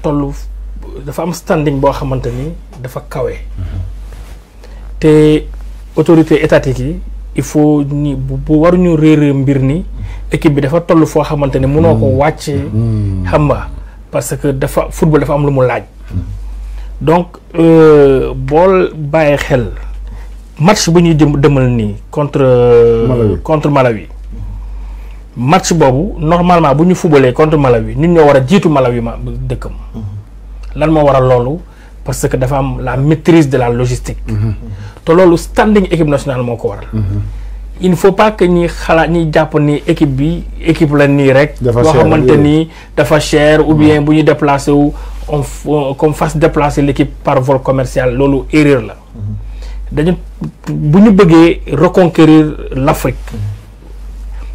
toll dafa am standing boo xamante ni dafa kawe. Mm-hmm. te autorité étatique yi il faut ñi bu waruñu réer mbir ni équipe bi dafa toll foo xamante ni mënoo ko mm-hmm. wàcc. Mm-hmm. xam nga parce que dafa football dafa am lu mu laaj. donc euh, bool bàyyi xel match bu ñuy jëm demal nii contre. Euh, contre Malawi. match boobu normalement bu ñu fubalee contre Malawi nit ñoo war a jiitu Malawi ma dëkkam. lan moo waral loolu parce que dafa am la maîtrise de la logistique. te loolu standing équipe nationale moo ko waral. il ne faut pas que ñi xalaat ñi jàpp ni équipe bi équipe la nii rek. dafa cher boo xamante ni dafa cher ou bien mm. bu ñu déplacé wu on comme fasse déplacer l' équipe par vol commercial loolu erreur la. Mm-hmm. dañu bu ñu bëggee reconquérir l'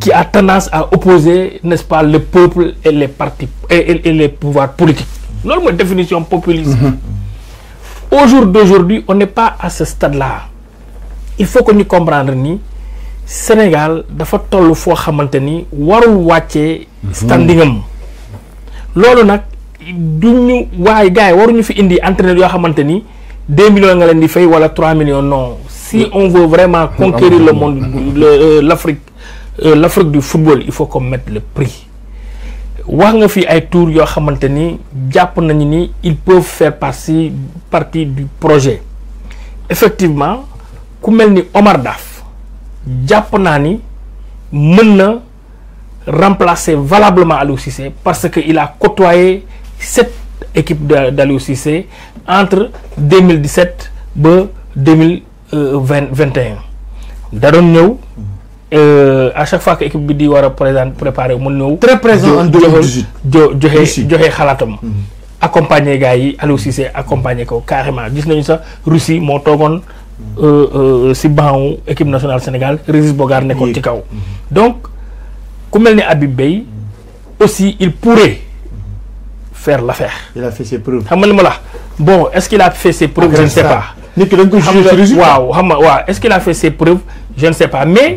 qui a tendance à opposer, n'est-ce pas, le peuple et les partis et, et les pouvoirs politiques. loolu définition populisme. Mhm. au jour d'aujourd'hui on n'est pas à ce stade-là. il faut que nous comprendre ni Sénégal dafa toll le xamante ni warul wàccee. Mhm. standing am loolu nag du ñu waaye gars fi indi entraîneur yoo xamante deux millions nga fait di fay wala trois millions non si on veut vraiment conquérir le monde euh, l'Afrique euh, l'Afrique du football il faut qu'on mette le prix wax nga tour ils peuvent faire partie partie du projet effectivement ku Omar Daf jàpp remplacer valablement Aliou Cissé parce que il a côtoyé cette équipe d'Aliou entre 2017 euh, et 2021 euh, à chaque fois que équipe bi di wara préparer présent mu très présent en 2018 jo joxe joxe mhm. accompagner gars yi aussi c'est accompagner ko carrément gis nañu ça Russie moo mhm. euh, euh si équipe nationale Sénégal Régis Bogaert ko ci kaw. Mhm. donc ku melni ne Habib Beye aussi il pourrait faire l'affaire. il a fait ses preuves. xam la bon est-ce qu'il a fait ses preuves. Ah, je ne sais pas. nit ki waaw xam est-ce qu'il a fait ses preuves je ne sais pas mais.